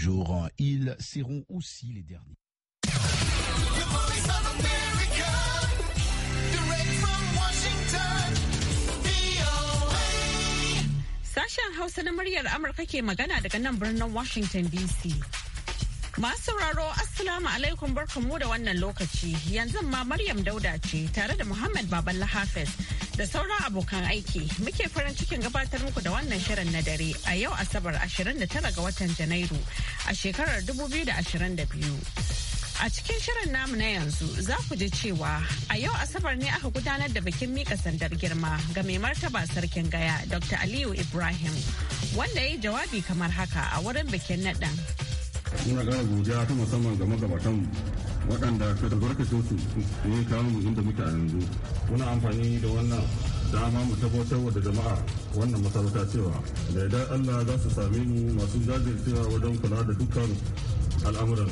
jour, ils seront aussi les derniers. Sashen Hausa na muryar Amurka ke magana daga nan birnin Washington DC. Masu sauraro Assalamu alaikum barkamu da wannan lokaci yanzu ma Maryam Dauda ce tare da Muhammad Baballa Hafiz da sauran abokan aiki muke farin cikin gabatar muku da wannan shirin na dare a yau asabar 29 ga watan janairu a shekarar 2022 a cikin shirin namu na yanzu za ku ji cewa a yau asabar ne aka gudanar da bikin mika sandar girma ga mai martaba sarkin gaya dr aliyu ibrahim wanda ya yi jawabi kamar haka a wurin bikin naɗin muna gane godiya ta musamman ga magabatan waɗanda ka barka su ne ya mu inda muke a yanzu muna amfani da wannan dama mu tabbatar da jama'a wannan masarauta cewa da idan allah za su same mu masu jajircewa wajen kula da dukkan al'amuran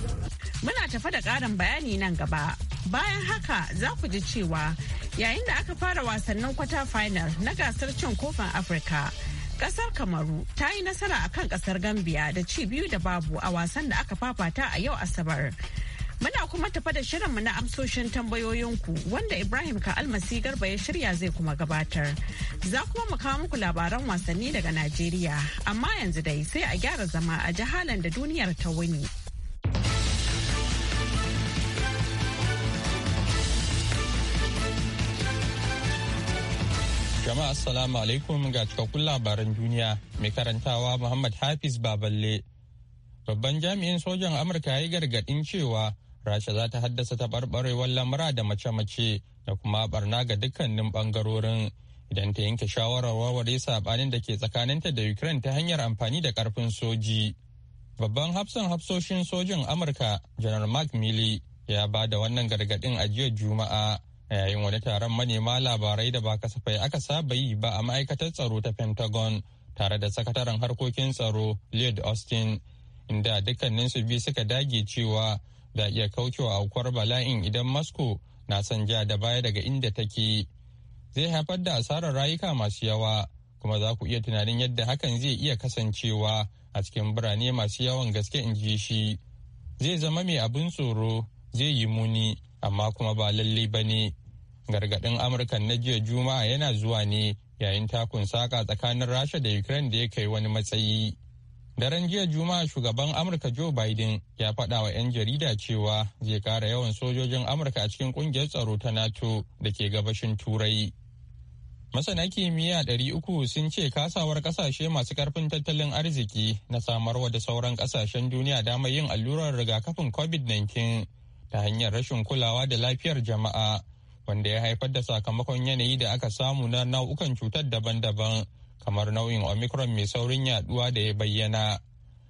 muna tafa da ƙarin bayani nan gaba bayan haka za ku ji cewa yayin da aka fara wasannin kwata final na gasar cin kofin afirka Kasar Kamaru ta yi nasara a kan kasar Gambia da ci biyu da babu a wasan da aka fafata a yau Asabar. Muna kuma tafa da shirinmu na amsoshin tambayoyinku wanda Ibrahim Ka'almasi Garba ya shirya zai kuma gabatar. Za kuma mu kawo muku labaran wasanni daga Najeriya, amma yanzu dai sai a gyara zama a jihalan da duniyar ta wuni. Jama'a Assalamu alaikum ga cikakkun labaran duniya mai karantawa Muhammad Hafiz Baballe. Babban jami'in sojan Amurka ya yi gargaɗin cewa Rasha za ta haddasa taɓarɓarewar lamura da mace-mace da kuma barna ga dukkanin ɓangarorin idan ta yanke shawarar warware saɓanin da ke tsakaninta da Ukraine ta hanyar amfani da ƙarfin soji. Babban hafsan hafsoshin sojin Amurka, General Mark Milley, ya ba da wannan gargaɗin a jiya Juma'a. a yayin wani taron manema labarai da ba kasafai aka saba yi ba a ma'aikatar tsaro ta pentagon tare da sakataren harkokin tsaro lloyd austin inda dukkanin su biyu suka dage cewa za iya kaucewa aukuwar bala'in idan moscow na son ja da baya daga inda take zai haifar da asarar rayuka masu yawa kuma za ku iya tunanin yadda hakan zai iya kasancewa a cikin birane masu yawan gaske in ji shi zai zama mai abin tsoro zai yi muni amma kuma ba lallai ba ne gargaɗin amurka na jiya juma'a yana zuwa ne yayin takun saka tsakanin rasha da ukraine da ya kai wani matsayi daren jiya juma'a shugaban amurka joe biden ya faɗa wa 'yan jarida cewa zai ƙara yawan sojojin amurka a cikin ƙungiyar tsaro ta nato da ke gabashin turai Masana kimiyya ɗari uku sun ce kasawar ƙasashe masu ƙarfin tattalin arziki na samarwa da sauran ƙasashen duniya damar yin allurar rigakafin COVID-19 ta hanyar rashin kulawa da lafiyar jama'a wanda ya haifar da sakamakon yanayi da aka samu na nau'ukan cutar daban-daban kamar nau'in omicron mai saurin yaduwa da ya bayyana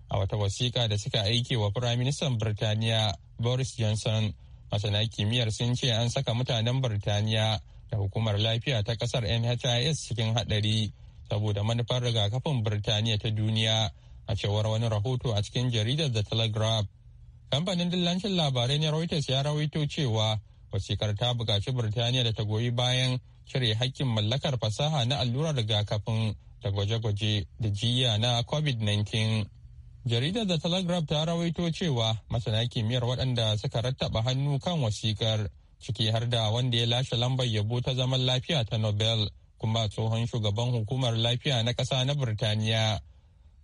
a wata wasiƙa da suka aike wa firaministan birtaniya boris johnson masana kimiyyar sun ce an saka mutanen birtaniya da hukumar lafiya ta kasar nhis cikin haɗari saboda manufar rigakafin birtaniya ta duniya a cewar wani rahoto a cikin jaridar the telegraph kamfanin dillancin labarai na reuters ya rawaito cewa wasikar ta buƙaci birtaniya da ta goyi bayan cire hakkin mallakar fasaha na allurar rigakafin da gwaje-gwaje da jiya na covid-19 jaridar da telegraph ta rawaito cewa masana kimiyyar waɗanda suka rattaba hannu kan wasikar ciki har da wanda ya lashe lambar yabo ta zaman lafiya ta nobel kuma tsohon shugaban hukumar lafiya na ƙasa na birtaniya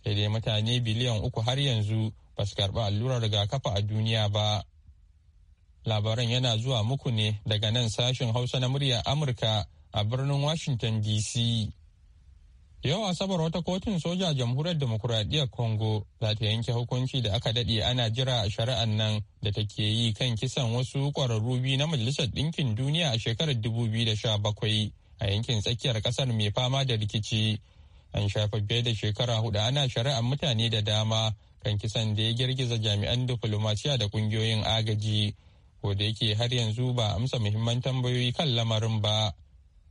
sai dai mutane biliyan uku har yanzu ba su karɓi allurar rigakafi a duniya ba Labaran yana zuwa muku ne daga nan sashen Hausa na muryar Amurka a birnin Washington DC. Yau sabar wata kotun soja jamhuriyar demokuraɗiyyar Congo za ta yanke hukunci da aka daɗe ana jira a shari'ar nan da take yi kan kisan wasu ƙwararru biyu na Majalisar Ɗinkin Duniya a shekarar dubu biyu da sha bakwai a yankin tsakiyar ƙasar mai fama da rikici. An shafa fiye da shekara hudu ana shari'ar mutane da dama kan kisan da ya girgiza jami'an diflomasiya da ƙungiyoyin agaji ko yake har yanzu ba amsa muhimman tambayoyi kan lamarin ba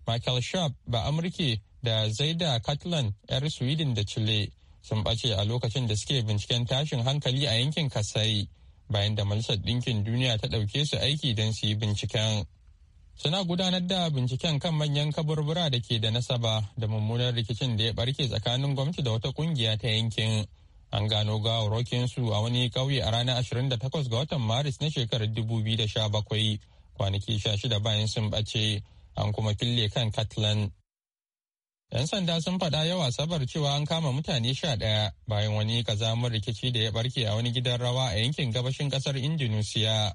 michael sharp ba amurke da zaida catlan yar sweden da chile sun ɓace a lokacin da suke binciken tashin hankali a yankin kasai bayan da majalisar ɗinkin duniya ta ɗauke su aiki don su yi binciken suna gudanar da binciken kan manyan kaburbura da ke da nasaba da mummunar rikicin da ya ɓarke tsakanin gwamnati da wata ƙungiya ta yankin An gano su a wani kauye a ranar 28 ga watan Maris na shekarar 2017 kwanaki 16 bayan sun bace an kuma fille kan katlan 'Yan sanda sun faɗa yawa sabar cewa an kama mutane sha ɗaya bayan wani kazamar rikici da ya barke a wani gidan rawa a yankin gabashin ƙasar Indonesia.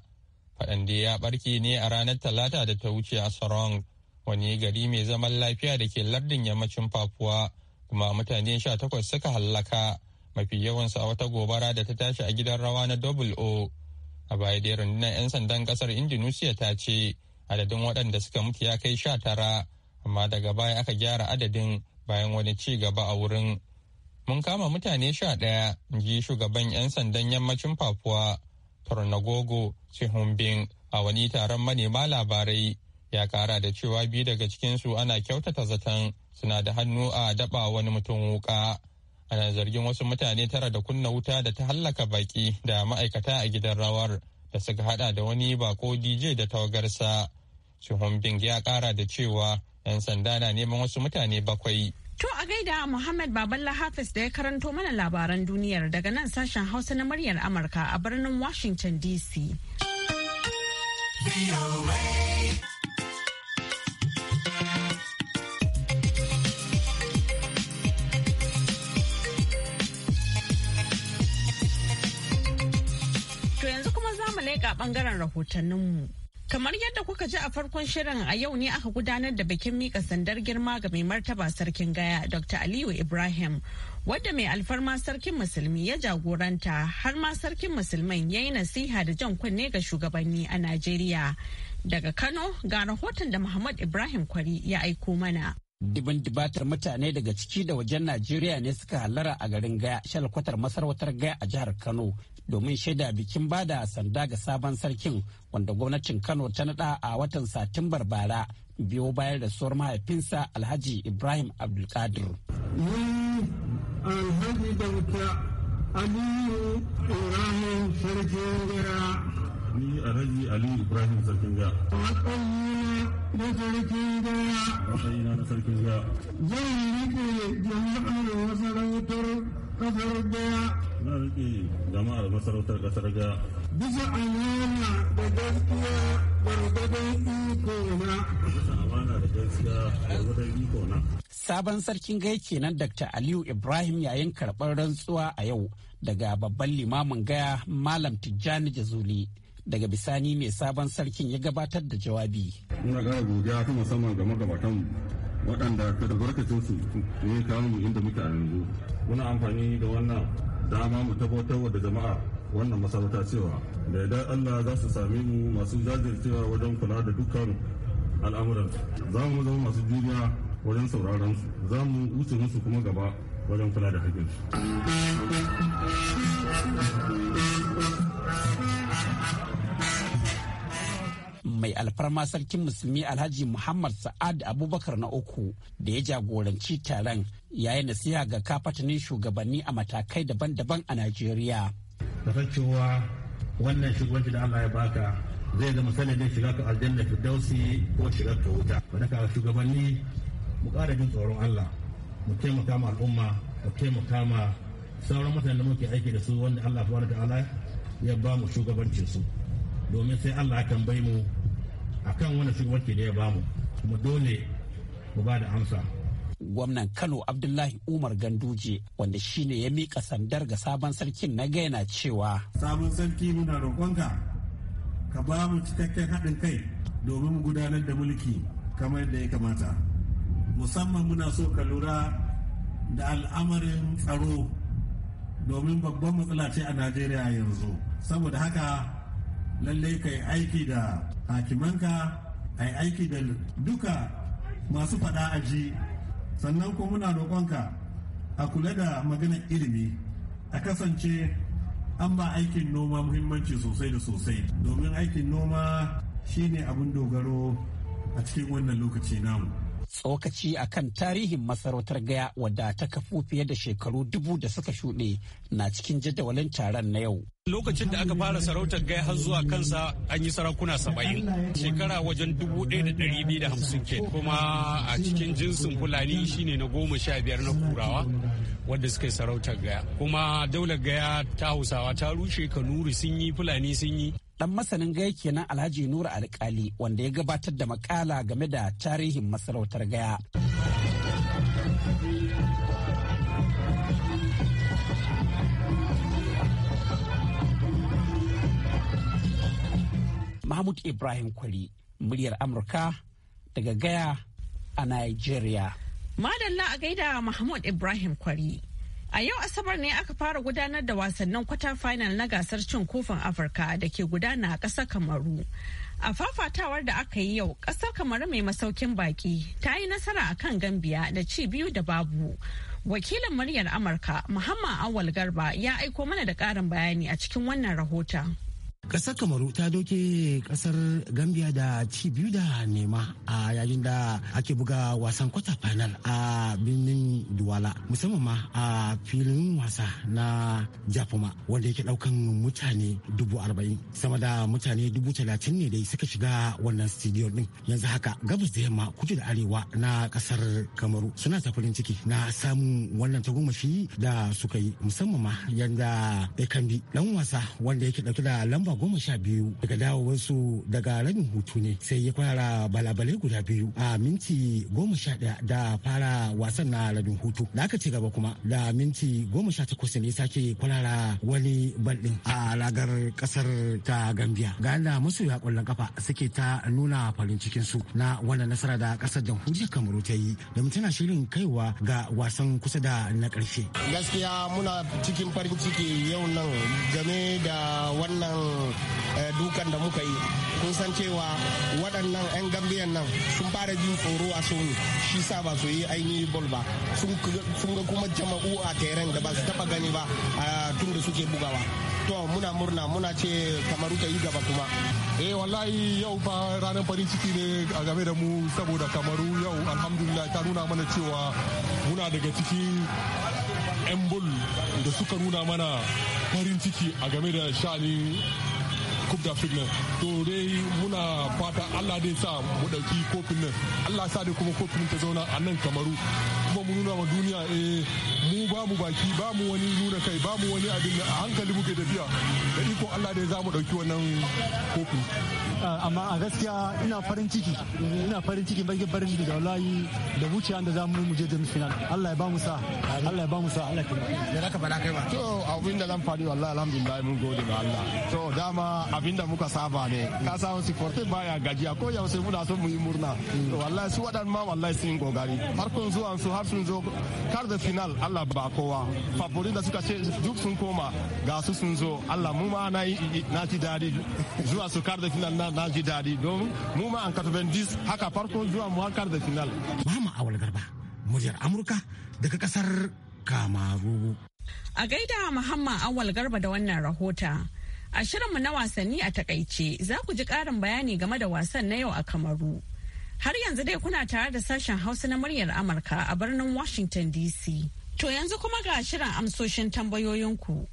Faɗan da ya barke ne a ranar Talata da ta wuce a Sarong, wani gari mai zaman lafiya da ke lardin yammacin Fafuwa, kuma mutane sha takwas suka hallaka. mafi yawansu a wata gobara da ta tashi a gidan rawa na double o a baya da rundunar 'yan sandan kasar indonesia ta ce adadin waɗanda suka mutu ya kai sha tara amma daga baya aka gyara adadin bayan wani ci gaba a wurin mun kama mutane sha ɗaya ji shugaban 'yan sandan yammacin papua tornagogo sihumbin a wani taron manema labarai ya kara da cewa biyu daga cikinsu ana kyautata zaton suna da hannu a daɓa wani mutum wuƙa. ana zargin wasu mutane tara da kunna wuta da ta hallaka baki da ma'aikata a gidan rawar da suka hada da wani bako dj da tawagarsa bing ya kara da cewa 'yan sanda na neman wasu mutane bakwai To a gaida Muhammad Baballa Hafiz da ya karanto mana labaran duniyar daga nan sashen Hausa na muryar Amurka a birnin Washington DC. bangaren rahotanninmu. Kamar yadda kuka ji a farkon shirin a yau ne aka gudanar da bikin mika sandar girma ga mai martaba sarkin gaya Dr. Aliyu Ibrahim wadda mai alfarma sarkin musulmi ya jagoranta har ma sarkin musulman ya yi nasiha da jan kunne ga shugabanni a Najeriya. Daga Kano ga rahoton da Muhammad Ibrahim Kwari ya aiko mana. Dibin dibatar mutane daga ciki da wajen Najeriya ne suka hallara a garin Gaya, shalkwatar masarautar Gaya a jihar Kano domin shaida bikin bada sanda ga sabon sarkin wanda gwamnatin kano ta nada a watan satumbar bara biyo bayar da suwar mahaifinsa alhaji ibrahim abdulkadir alhaji dauta aliyu ibrahim sarkin gira ni alhaji aliyu ibrahim sarkin gira na sarkin gira na sarkin gira zan rike jama'ar masarautar kasar gaya na kasar da gaskiya iko na bisa na sabon sarkin gaya kenan dr aliyu ibrahim yayin karɓar rantsuwa a yau daga babban limamin gaya malam tijjani jazuli daga bisani mai sabon sarkin ya gabatar da jawabi muna gara godiya ta musamman ga magabatan waɗanda ta albarkacinsu ne kawo mu inda muke a yanzu muna amfani da wannan dama mu tabbatar da jama'a wannan masarauta cewa da idan allah za su sami mu masu jajircewa wajen kula da dukkan al'amuran za mu zama masu juriya wajen sauraron su za mu wuce musu kuma gaba wajen kula da hakkin su mai alfarma sarkin musulmi alhaji muhammad sa'ad abubakar na uku da ya jagoranci taron yayin nasiha ga kafatanin shugabanni a matakai daban-daban a najeriya da cewa wannan shugabanci da allah ya baka zai zama sanadin shiga ka aljanna firdausi ko shiga ka wuta wanda ka shugabanni mu kara jin tsoron allah mu taimaka ma al'umma mu taimaka ma sauran mutane da muke aiki da su wanda allah ta'ala ya ba mu shugabancin su domin sai Allah ya tambayi mu a kan wani shugabanci da ya bamu kuma dole mu ba da amsa gwamnan kano abdullahi umar ganduje wanda shine ya miƙa sandar ga sabon sarkin na gaina cewa sabon sarki muna roƙonka ka ba mu cikakken haɗin kai domin gudanar da mulki kamar da ya kamata musamman muna so ka lura da al'amarin tsaro domin babban matsala ce a najeriya yanzu saboda haka lallai ka yi aiki da hakimanka a yi aiki da duka masu faɗa a ji sannan kuma muna roƙonka a kula da maganar ilimi a kasance an ba aikin noma muhimmanci sosai da sosai domin aikin noma shine abin dogaro a cikin wannan lokaci namu tsokaci a kan tarihin masarautar gaya wadda ta kafu fiye da shekaru dubu da suka shuɗe na cikin jadawalin taron na yau. Lokacin da aka fara sarautar gaya har zuwa kansa an yi sarakuna saba'in shekara wajen dubu ɗaya da ɗari biyu da hamsin ke kuma a cikin jinsin fulani shine na goma sha biyar na kurawa wadda suka yi sarautar gaya kuma daular gaya ta hausawa ta rushe kanuri sun yi fulani sun yi dan masanin gaya kenan alhaji nura alkali wanda ya gabatar da makala game da tarihin masarautar gaya mahmud ibrahim kwari muryar amurka daga gaya a nigeria madalla a gaida mahmud ibrahim kwari A yau Asabar ne aka fara gudanar da wasannin kwata final na gasar cin kofin Afirka da ke gudana a ƙasar Kamaru. A fafatawar da aka yi yau, ƙasar Kamaru mai masaukin baki ta yi nasara a kan Gambiya da ci biyu da babu. Wakilin muryar Amurka, Muhammad Awal Garba ya aiko mana da ƙarin bayani a cikin wannan rahoton. Ƙasar Kamaru ta doke ƙasar Gambia da ci biyu da nema a yayin da ake buga wasan kwata final a birnin Duwala musamman ma a filin wasa na Japuma wanda yake ɗaukan mutane dubu arba'in sama da mutane dubu talatin ne dai suka shiga wannan studio din yanzu haka gabas da yamma kudu da arewa na ƙasar Kamaru suna ta ciki na samun wannan tagomashi da suka yi musamman ma yanda Ekambi dan wasa wanda yake ɗauke da lamba goma sha biyu daga dawowarsu daga rabin hutu ne sai ya fara balabalai guda biyu a minti goma sha ɗaya da fara wasan na rabin hutu da aka ci gaba kuma da minti goma sha takwas ne sake kwalara wani balɗin a ragar ƙasar ta gambia ga yadda ya ƙwallon kafa suke ta nuna farin cikin su na wannan nasara da ƙasar jamhuriyar kamaru ta yi da tana shirin kaiwa ga wasan kusa da na ƙarshe gaskiya muna cikin farin ciki yau nan game da wannan Eh, dukan da muka yi kun san cewa waɗannan 'yan gambiyan nan sun fara jin tsoro a sony shi sa ba su yi ainihin bol ba sun ga kuma jama'u a teren da ba su taba gani ba tun da suke bugawa to muna murna muna ce kamar ta yi gaba kuma eh wallahi yau fa ranar farin ciki ne a game da mu saboda kamaru yau alhamdulillah ta nuna mana cewa muna daga ciki 'yan bol da suka nuna mana farin ciki a game da sha'anin coupe d'afrique nan to dai muna fata allah dai sa mu dauki kofin nan allah sa dai kuma kofin ta zauna a nan kamaru mu nuna wa duniya eh mu ba mu baki ba mu wani nuna kai ba mu wani abin a hankali muke tafiya da iko Allah da za mu ɗauki wannan kofi. Ah, amma a gaskiya ina farin ciki ina farin ciki barge barin da wallahi da wuciya da za mu je je final Allah ya ba mu sa Allah ya ba mu sa Allah ya raka fara kai ba to abin da zan fadi wallahi alhamdulillah mun gode ga Allah to dama abin da muka saba ne ka samu sifortin baya gajiya ko yau sai muna son mu yi murna to wallahi su waɗannan ma wallahi sun gogari farkon zuwan su har su sun zo kar da final Allah ba kowa favorin da suka ce duk sun koma ga su sun zo Allah mu ma na ji dadi zuwa su kar da final na ji dadi don mu ma an dis haka farko zuwa mu kar da final. Muhammad Awal Garba muryar Amurka daga kasar Kamaru. A gaida Muhammad Awal Garba da wannan rahota. A shirinmu na wasanni a takaice za ku ji karin bayani game da wasan na yau a Kamaru. Har yanzu dai kuna tare da sashen Hausa na muryar Amurka a birnin Washington DC. To yanzu kuma ga shirin amsoshin tambayoyinku.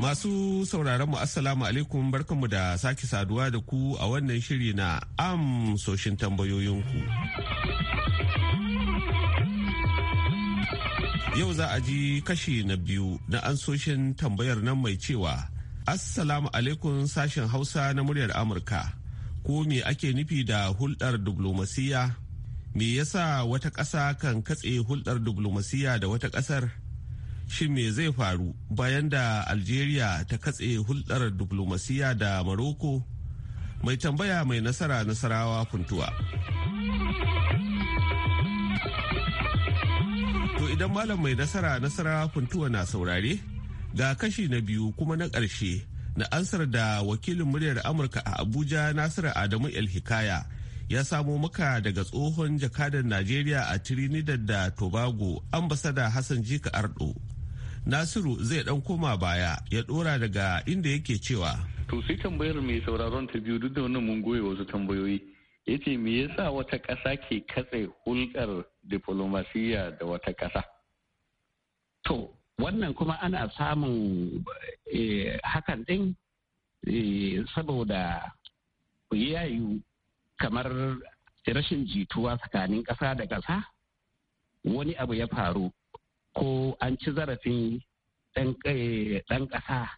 Masu sauraron mu Assalamu alaikum barkanmu da sake saduwa da ku a wannan shiri na amsoshin tambayoyinku. Yau za a ji kashi na biyu na ansoshin tambayar nan mai cewa Assalamu alaikum sashen Hausa na muryar Amurka. Ko me ake nufi da hulɗar diplomasiya? Me yasa wata ƙasa kan katse hulɗar diplomasiya da wata ƙasar? Shin me zai faru bayan da Algeria ta katse hulɗar diplomasiya da Morocco? Mai tambaya mai nasara nasarawa kuntuwa. To idan malam mai nasara nasara funtuwa na saurare? ga kashi na biyu kuma na ƙarshe na ansar da wakilin muryar amurka a abuja nasiru adamu el hikaya ya samo maka daga tsohon jakadar najeriya a trinidad da tobago ambasada hassan jika ardo nasiru zai dan koma baya ya dora daga inda yake cewa to sai tambayar mai sauraron ta biyu duk da wannan mun goye wasu tambayoyi ya ce me yasa wata ƙasa ke katse hulɗar diflomasiyya da wata ƙasa to wannan kuma ana samun eh, hakan ɗin eh, saboda yayu kamar rashin jituwa tsakanin ƙasa da ƙasa wani abu ya faru ko an ci zarafin ɗan eh, ƙasa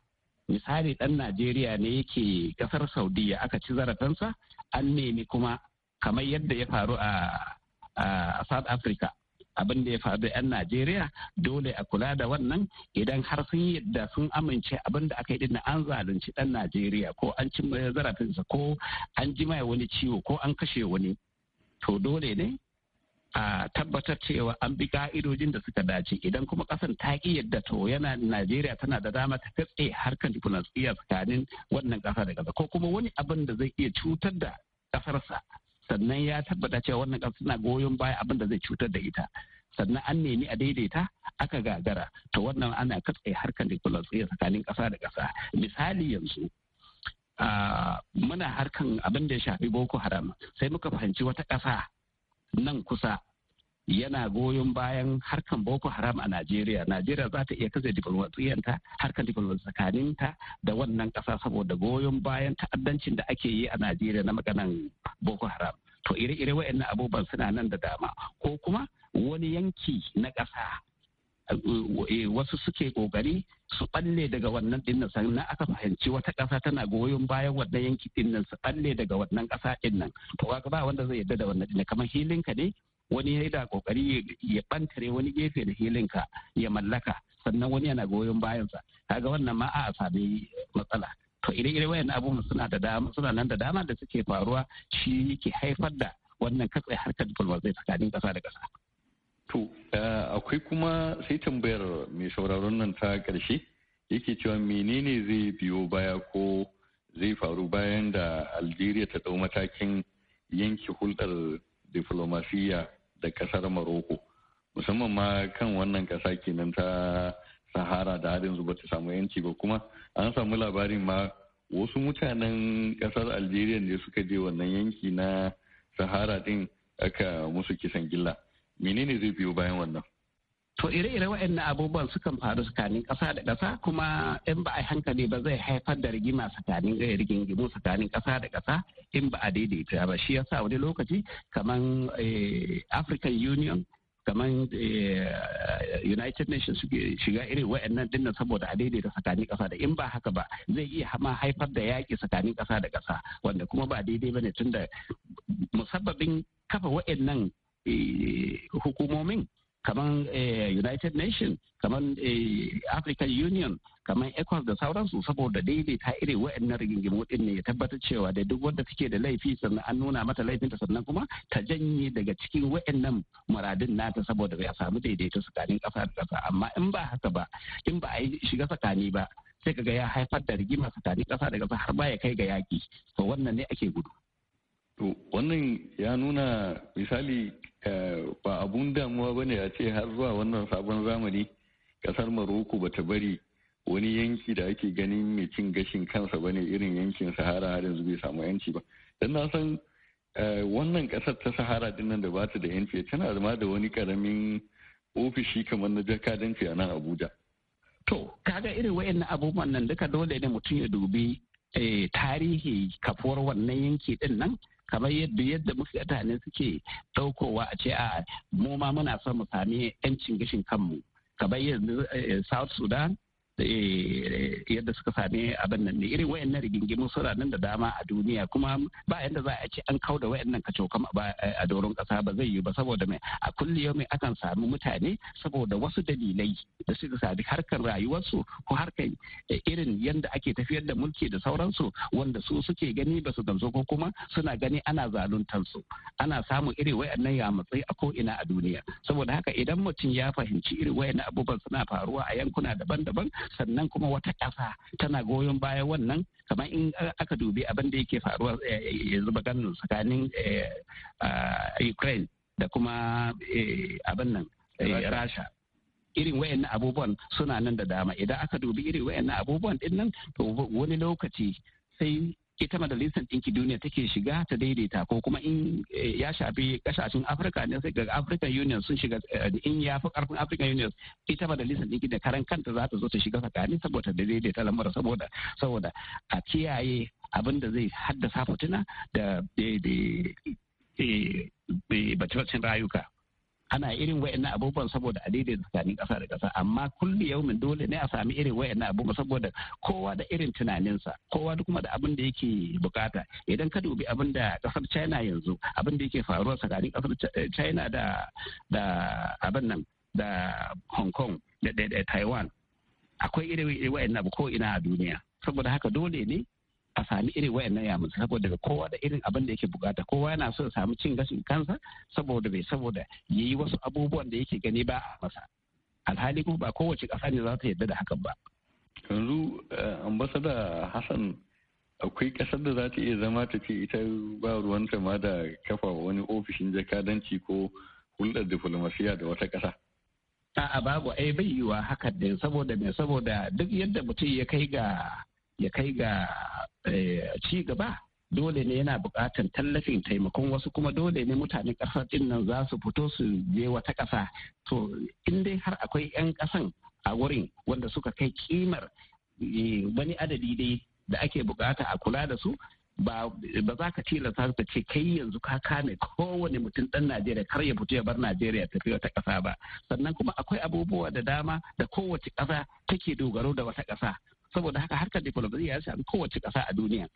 misali ɗan najeriya ne yake ƙasar saudiya aka ci zarafinsa an nemi kuma kamar yadda ya faru a south africa abin da ya faru 'yan najeriya dole a kula da wannan idan har sun yadda sun amince abin da aka yi dinna an zalunci dan najeriya ko an ci zarafinsa ko an ji mai wani ciwo ko an kashe wani to dole ne a tabbatar cewa an bi ka'idojin da suka dace idan kuma kasan ta ki yadda to yana najeriya tana da dama ta katse harkar diplomasiya tsakanin wannan kasa da kasa ko kuma wani abin da zai iya cutar da kasarsa sannan ya tabbata cewa wannan ƙasa suna goyon baya abin da zai cutar da ita sannan an nemi a daidaita aka gagara ta wannan ana katse harkar diplomasiyya tsakanin ƙasa da ƙasa misali yanzu muna harkan abin da ya shafi boko haram sai muka fahimci wata ƙasa nan kusa yana goyon bayan harkan boko haram a najeriya najeriya za ta iya kaza diplomatsiyyanta harkan tsakanin ta da wannan ƙasa saboda goyon bayan ta'addancin da ake yi a najeriya na maganan boko haram to ire-ire waɗannan abubuwan suna nan da dama ko kuma wani yanki na ƙasa eh, eh, wasu suke ƙoƙari su ɓalle daga wannan dinnan sannan aka fahimci wata ƙasa tana goyon bayan wannan yanki dinnan su ɓalle daga wannan kasa dinnan to kaga ba wanda zai yarda da wannan dinnan kamar hilinka ne wani ya yi da ƙoƙari ya ɓantare wani gefe da ka ya mallaka sannan wani yana goyon bayansa kaga wannan ma a sami matsala to ire-ire wayan abubuwan suna da dama suna nan da dama da suke faruwa shi yake haifar da wannan katse harkar diplomasi tsakanin kasa da kasa to eh, akwai kuma sai tambayar mai sauraron nan ta karshe yake cewa menene zai biyo baya ko zai faru bayan da algeria ta dau matakin yanki hulɗar diflomasiyya da ƙasar maroko musamman ma kan wannan kasa kenan ta sahara da har yanzu ba ta samu yanci ba kuma an samu labarin ma wasu mutanen kasar algeria ne suka je wannan yanki na sahara din aka musu kisan gilla menene zai biyo bayan wannan to ire-ire waɗannan abubuwan sukan faru tsakanin ƙasa da ƙasa kuma in ba a hankali ba zai haifar da rigima tsakanin eh, rigingimu tsakanin ƙasa da ƙasa in ba a daidaita ba shi yasa wani lokaci kaman eh, african union kamar eh, united nations suke shiga irin wa'annan dinna saboda a daidaita tsakanin kasa da in ba haka ba zai iya hama haifar da yaƙi tsakanin kasa da kasa wanda kuma ba daidai ba ne tunda musabbabin kafa wa'annan eh, hukumomin kamar eh, united nations kamar eh, african union kamar ecos da sauransu saboda daidaita irin na rigingimu din ne ya tabbatar cewa da duk wanda take da laifi sannan an nuna mata laifinta sannan kuma ta janye daga cikin nan muradin nata saboda ya samu daidaito tsakanin kasa da kasa amma in ba haka ba in ba a yi shiga tsakani ba sai kaga ya haifar da rigima tsakanin kasa da kasa har ba ya kai ga yaki to wannan ne ake gudu To wannan ya nuna misali eh, ba abun damuwa ba ne a ce har zuwa wannan sabon zamani kasar Maroko ba ta bari wani yanki da ake ganin mai cin gashin kansa ba ne irin yankin Sahara har yanzu bai samu yanci ba. Don na san eh, wannan kasar ta Sahara din nan da ba ta da yanci tana zama da wani karamin ofishi kamar na jakadanci a nan Abuja. To, kaga irin wa'annan abubuwan nan duka dole ne mutum ya dubi eh, tarihi kafuwar wannan yanki din nan kamar yadda yadda mutane suke ɗaukowa a ce a mu ma muna son mu sami 'yancin gishin kanmu kamar yanzu eh, south sudan Eh, eh, yadda suka sami abin nan ne irin wayannan rigingimu suna nan da dama a duniya kuma ba yadda za a ce an kauda wayannan kacokam eh, a doron kasa ba zai yi ba saboda mai a kulli mai akan sami mutane saboda wasu dalilai da suka sami harkar rayuwarsu ko harkar irin yadda ake tafiyar da mulki da sauransu wanda su suke gani ba su gamsu ko kuma suna gani ana zaluntar su ana samun irin wayannan matsayi a ko ina a duniya saboda haka idan mutum ya fahimci irin wayannan abubuwan suna faruwa a yankuna daban-daban sannan kuma wata ƙasa tana goyon baya wannan kamar in eh, aka dubi abin da yake faruwa eh, yanzu maganin tsakanin eh, ukraine da kuma abin nan rasha irin wayannan abubuwan suna nan da dama idan aka dubi irin wayannan abubuwan din nan to wani lokaci sai ita majalisar ɗinki duniya take shiga ta daidaita ko kuma in eh, ya shafi kasashen afirka ne sai ga african union sun shiga eh, in ya fi karfin african union ita majalisar ɗinki da karan kanta za ta zo ta shiga tsakani saboda da daidaita lamar saboda saboda a kiyaye abin da zai haddasa fitina da eh, bace-bacen rayuka ana irin wa'annan abubuwan saboda a daidai tsakanin ƙasa da ƙasa amma kulli yaumin dole ne a sami irin wa'annan abubuwan saboda kowa da irin tunaninsa kowa da kuma da abin da yake bukata idan ka dubi abin da ƙasar china yanzu abin da yake faruwa tsakanin ƙasar china da da abin nan da hong kong da taiwan akwai irin wa'annan ko ina a duniya saboda haka dole ne a sami irin wayannan ya mutu saboda kowa da irin abin da yake bukata kowa yana so ya samu cin gashin kansa saboda bai saboda ya yi wasu abubuwan da yake gani ba a masa alhali kuma ba kowace ƙasa ne za ta yarda da hakan ba yanzu eh, ambasada hassan akwai ƙasar da za ta iya zama ta ce ita ba ruwan ma da kafa wani ofishin jakadanci ko hulɗar diflomasiya da wata ƙasa a'a babu ai eh, bai yiwa hakan din saboda me saboda duk yadda mutum ya kai ga ya kai ga eh, ci gaba dole ne yana buƙatar tallafin taimakon wasu kuma dole ne mutane ƙasar din nan za su fito su je wata ƙasa to in dai har akwai 'yan ƙasan a wurin wanda suka kai kimar eh, wani adadi dai da ake bukata a kula da su ba za ka tilasta ta ce kai yanzu ka kame kowane mutum ɗan Najeriya kar ya fito ya bar Najeriya tafi wata kasa ba sannan kuma akwai abubuwa da dama da kowace ƙasa take dogaro da wata ƙasa saboda haka harkar diplomasiya ya sami kowace ƙasa a duniya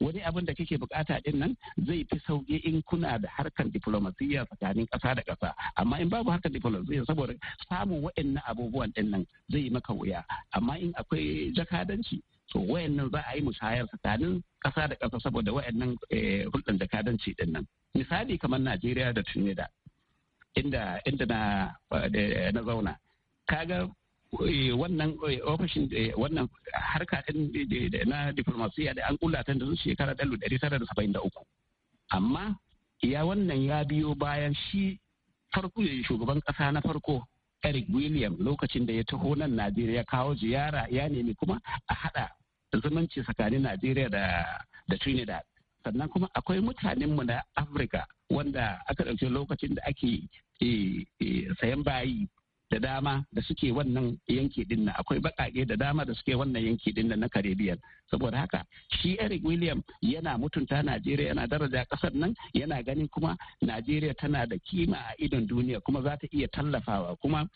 wani abin da kake bukata din nan zai fi sauki in kuna da harkar diplomasiya tsakanin ƙasa da ƙasa amma in babu harkar diplomasiya saboda samun wa'annan abubuwan din nan zai yi maka wuya amma in akwai jakadanci to wayannan za a yi musayar tsakanin ƙasa da ƙasa saboda wayannan eh, hulɗar jakadanci din nan misali kamar Najeriya da Trinidad inda inda na eh, na zauna kaga Eh, wannan eh, ofishin eh, wannan harka na diplomasiya da an kula ta da shekara ɗalu ɗari tara da saba'in da uku amma ya wannan ya biyo bayan shi farko shugaban ƙasa na farko eric william lokacin da ya taho nan najeriya kawo ziyara ya nemi kuma a haɗa zumunci tsakanin najeriya da trinidad sannan kuma akwai mutanenmu na afirka wanda aka ɗauki lokacin da ake sayan bayi da dama da suke wannan yanki din akwai bakake da dama da suke wannan yanki din na Caribbean saboda haka shi Eric William yana mutunta Najeriya yana daraja kasar nan yana ganin kuma Najeriya tana da kima a idon duniya kuma za ta iya tallafawa kuma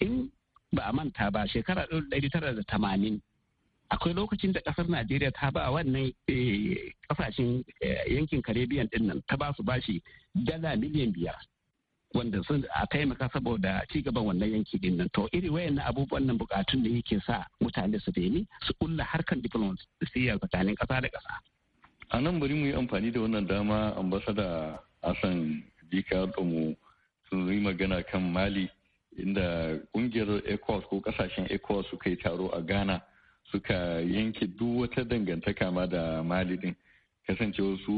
in ba a manta ba shekara 1980 akwai lokacin da kasar Najeriya ta ba wannan kasashen eh, eh, yankin Caribbean din nan ta ba su bashi dala miliyan biyar wanda sun a taimaka saboda ci gaban wannan yanki din nan to iri wayan abubuwan nan bukatun ne yake sa mutane su nemi su kulla harkan diplomasiya tsakanin kasa da kasa a nan bari mu yi amfani da wannan dama ambasada asan jika mu sun yi magana kan mali inda kungiyar ecowas ko kasashen ecowas suka yi taro a ghana suka yanke duk wata dangantaka ma da mali din kasancewa su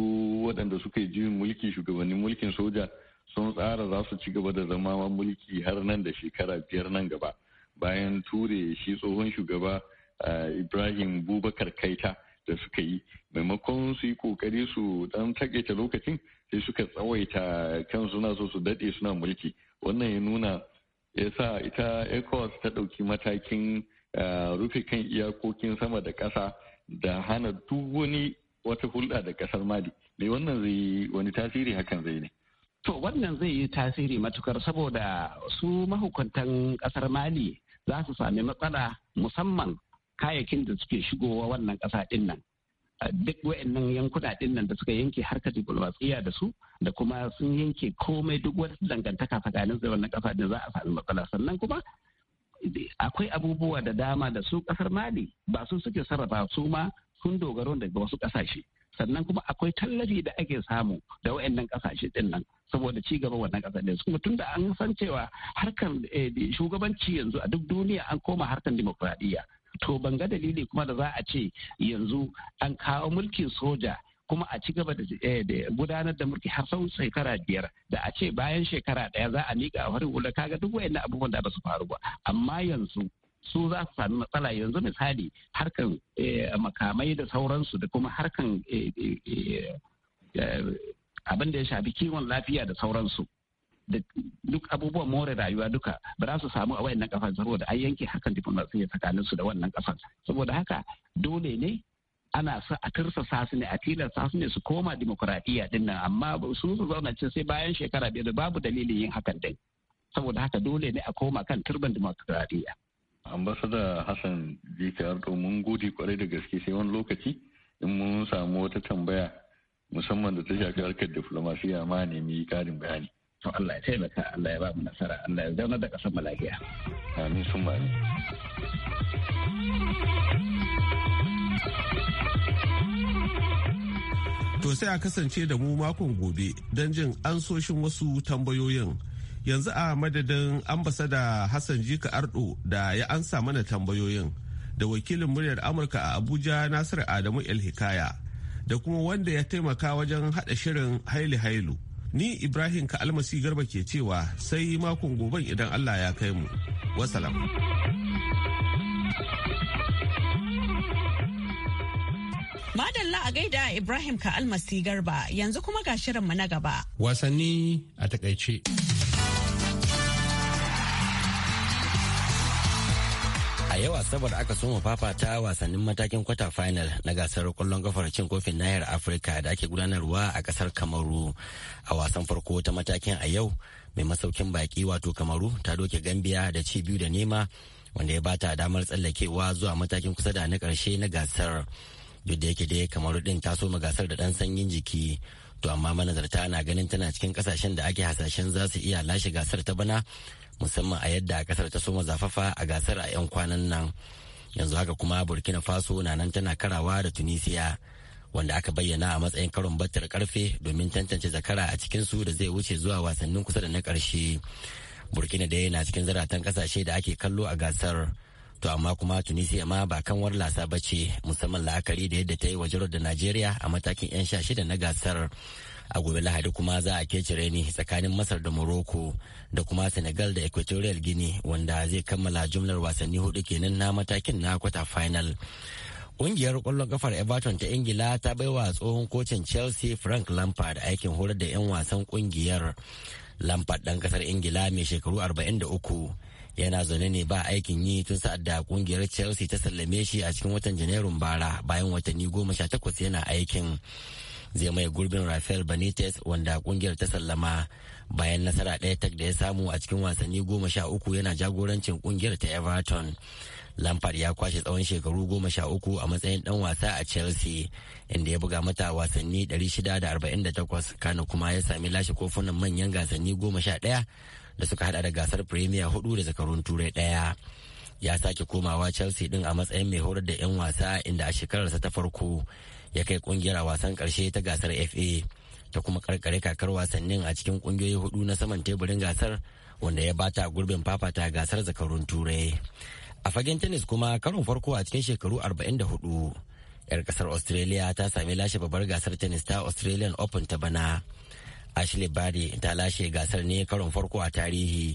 waɗanda suka yi juyin mulki shugabannin mulkin soja sun tsara za su ci gaba da zama mulki har nan da shekara biyar nan gaba bayan ture shi tsohon shugaba ibrahim bubakar kaita da suka yi maimakon su yi kokari su dan takaita lokacin sai suka tsawaita kan suna so su dade suna mulki wannan ya nuna ya sa ita ecos ta dauki matakin rufe kan iyakokin sama da ƙasa da hana duk wani wata hulɗa da ƙasar mali me wannan zai wani tasiri hakan zai ne To wannan zai yi tasiri matukar saboda su mahukuntan kasar Mali za su sami matsala musamman kayayyakin da suke shigowa wannan kasa ɗinnan. nan. Duk wa'annan yankuna dinnan da suka yanke harkar diplomasiya da su da kuma sun yanke komai duk wata dangantaka tsakanin da wannan kasa da za a sami matsala sannan kuma akwai abubuwa da dama da su kasar Mali ba su suke sarrafa su ma sun dogaro daga wasu kasashe. sannan kuma akwai tallafi da ake samu da wayannan kasashe din nan saboda ci gaba wannan kasa ne kuma tunda an san cewa harkar eh, shugabanci yanzu a duk duniya an koma harkar dimokuraɗiyya to ban ga dalili kuma da za a ce yanzu an kawo mulkin soja kuma a ci gaba da eh, gudanar da mulki har sau shekara biyar da a ce bayan shekara daya za a miƙa a farin hula kaga duk wayannan abubuwan da ba su faru ba amma yanzu su za su sami matsala yanzu misali harkan eh, makamai da sauransu da kuma harkan eh, eh, abin da ya shafi kiwon lafiya da sauransu duk abubuwan more rayuwa duka ba za su samu a wayannan kasar saboda an yanke hakan diplomasiya tsakanin su da wannan kafan. saboda haka dole ne ana sa a sa su ne a tilasta su ne su koma demokuraɗiyya din nan amma su su zauna ce sai bayan shekara biyar babu dalilin yin hakan din saboda haka dole ne a koma kan turban demokuraɗiyya. ambasada hassan jikar mun gode kwarai da gaske sai wani lokaci in mun samu wata tambaya musamman da ta shafi harkar diflomasiya ma mai karin bayani to Allah ya taimaka Allah ya ba mu nasara Allah ya zauna da kasar malafiya amin sun ne. to sai a kasance da mu makon gobe don jin ansoshin wasu tambayoyin yanzu a madadin ambasada hassan jika ardo da ya ansa mana tambayoyin da wakilin muryar amurka a abuja Nasir adamu el hikaya da kuma wanda ya taimaka wajen haɗa shirin haili hailu ni ibrahim ka almasi garba ke cewa sai makon goben idan allah ya kai mu wasalam Madalla a gaida Ibrahim Ka'almasi Garba yanzu kuma ga shirin mu na gaba. Wasanni a takaice. A yau Asabar aka soma fafata wasannin matakin kwata final na gasar kwallon kafar cin kofin nahiyar Afirka da ake gudanarwa a kasar Kamaru. A wasan farko ta matakin a yau mai masaukin baki wato Kamaru ta doke gambiya da ci biyu da nema wanda ya bata damar tsallakewa zuwa matakin kusa da na karshe na gasar. Duk da yake dai Kamaru din ta soma gasar da dan sanyin jiki. To amma manazarta na ganin tana cikin kasashen da ake hasashen za su iya lashe gasar ta bana musamman a yadda kasar ta soma zafafa a gasar a 'yan kwanan nan yanzu haka kuma burkina faso na nan tana karawa da tunisia wanda aka bayyana a matsayin karon battar karfe domin tantance zakara a cikinsu da zai wuce zuwa wasannin kusa da na karshe burkina dai na cikin zaratan kasashe da ake kallo a gasar to amma kuma tunisia ma ba kan lasa ba ce musamman la'akari da yadda ta yi wa da najeriya a matakin 'yan sha shida na gasar a gobe lahadi kuma za a kece raini tsakanin masar da morocco da kuma senegal da equatorial guinea wanda zai kammala jumlar wasanni hudu kenan na matakin na kwata final Ƙungiyar ƙwallon kafar Everton ta Ingila ta baiwa tsohon kocin Chelsea Frank Lampard aikin horar da 'yan wasan ƙungiyar. Lampard ɗan ƙasar Ingila mai shekaru 43 yana zaune ne ba aikin yi tun sa'ad da ƙungiyar Chelsea ta sallame shi a cikin watan Janairun bara bayan watanni goma sha takwas yana aikin. Zai mai gurbin Rafael Benitez wanda kungiyar ta sallama bayan nasara ɗaya tak da ya samu a cikin wasanni goma sha uku yana jagorancin kungiyar ta Everton. Lampard ya kwashe tsawon shekaru goma sha uku a matsayin dan wasa a Chelsea inda ya buga mata wasanni 648 kana kuma ya sami lashe kofunan manyan gasanni goma sha ɗaya da suka hada da gasar Premier hudu da zakarun turai ɗaya. Ya sake komawa Chelsea din a matsayin mai horar da 'yan wasa inda a shekararsa ta farko ya kai kungiyar wasan karshe ta gasar FA ta kuma karkare kakar wasannin a cikin kungiyoyi hudu na saman teburin gasar wanda ya bata gurbin fafata gasar zakarun turai. a fagen tennis kuma karon farko a cikin shekaru 44 'yar kasar australia ta sami lashe babbar gasar tennis ta australian open ta bana ashley barry ta lashe gasar ne karon farko a tarihi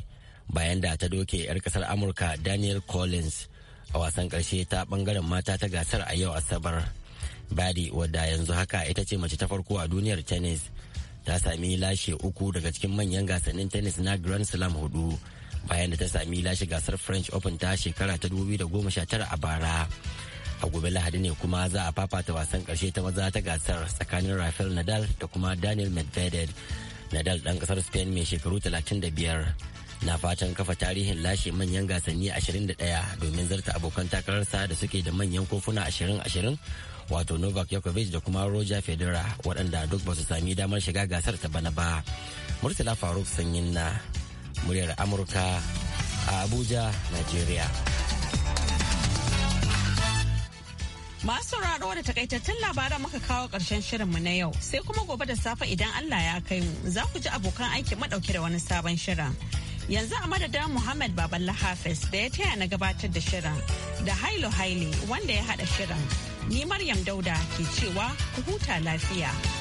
bayan da ta doke 'yar kasar amurka daniel collins a wasan karshe ta bangaren mata ta gasar a yau asabar bari wadda yanzu haka ita ce mace ta farko a duniyar tennis ta sami lashe uku daga cikin manyan gasannin tennis na grand slam hudu bayan da ta sami lashe gasar french open ta shekara ta 2019 a bara a gobe lahadi ne kuma za a fafata wasan karshe ta maza ta gasar tsakanin rafael nadal da kuma daniel medvedev nadal dan kasar spain mai shekaru 35 na fatan kafa tarihin lashe manyan gasanni 21 domin zarta abokan takararsa da suke da manyan kofuna 20-20 wato novak yakovic da kuma roger federer waɗanda duk ba su sami damar shiga gasar ta bana ba murtala faruk sanyin na muryar amurka a abuja nigeria Masu sauraro da takaitattun labaran muka kawo karshen shirinmu na yau sai kuma gobe da safe idan Allah ya kai mu za ku ji abokan aiki madauke da wani sabon shirin. Yanzu a madadin Muhammad Baballa Hafiz da ya taya na gabatar da shirin da Hailo Haile wanda ya hada shirin. Ni Maryam Dauda ke cewa ku huta lafiya.